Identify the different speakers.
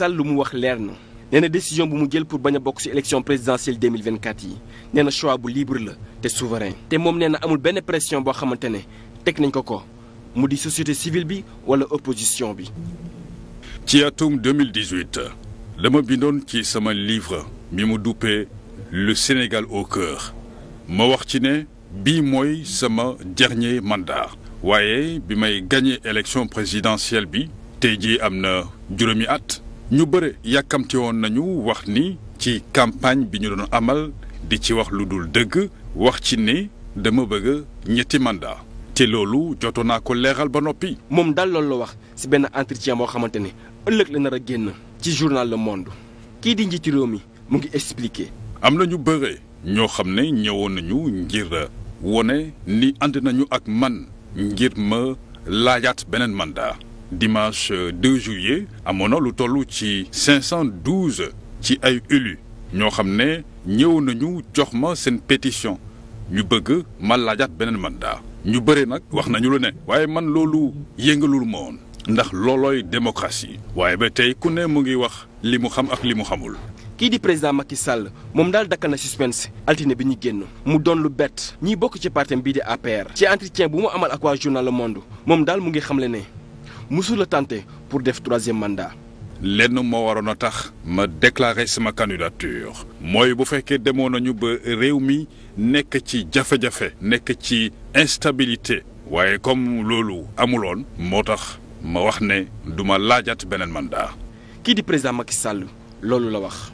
Speaker 1: Sall lu mu wax leer na nee na décision bu mu jël pour bañ a bokk ci élection présidentielle 2024 yi nee na choix bu libre la te souverain. te moom nee na amul benn pression boo xamante ne teg nañ ko ko mu di société civile bi walla opposition bi. ci atum 2018
Speaker 2: dama bindoon ci sama livre mi mu duppee le Sénégal au cœur ma wax ci ne bii mooy sama dernier mandat. waaye bi may gagné élection présidentielle bi tey jii am na juróomi at. ñu bëre yàkkamti woon nañu wax ni ci campagne bi ñu doon amal di ci wax lu dul dëgg wax ci ne dama bëgg ñetti mandat te loolu jotoon
Speaker 1: naa ko leeral ba noppi. moom daal loolu la wax ci benn entretien boo xamante ne ëllëg la nar a génn ci journal Le Monde kii di njiitu réew mi mu ngi expliquer. am na ñu bëre ñoo
Speaker 2: xam ne ñëwoon nañu ngir wone ni ànd nañu ak man ngir ma laajaat beneen mandat. dimanche 2 euh, juillet amoon na lu toll ci 512 ci ay élus ñoo xam ne ñëw nañu jox ma seen pétition ñu bëgg ma laajaat beneen mandat ñu bëri nag wax nañu lu ne waaye man loolu yëngalul ma woon ndax loolooy démocratie waaye ba tey ku ne mu ngi
Speaker 1: wax li mu xam ak li mu xamul. kii di président Macky Sall moom daal dakkal na suspense altine bi ñu génn mu doon lu bett ñiy bokk ci parti bii di APR ci entretien bu mu amal ak waa journal Le Monde moom daal mu ngi xamle ne. mësula tenté pour def troisième mandat. lenn
Speaker 2: moo waroon a tax ma déclarer sama candidature mooy bu fekkee demoon nañu ba réew mi nekk ci jafe-jafe nekk ci instabilité waaye comme loolu amuloon moo tax ma wax ne duma laajat beneen mandat. kii di président Macky Sall loolu la wax.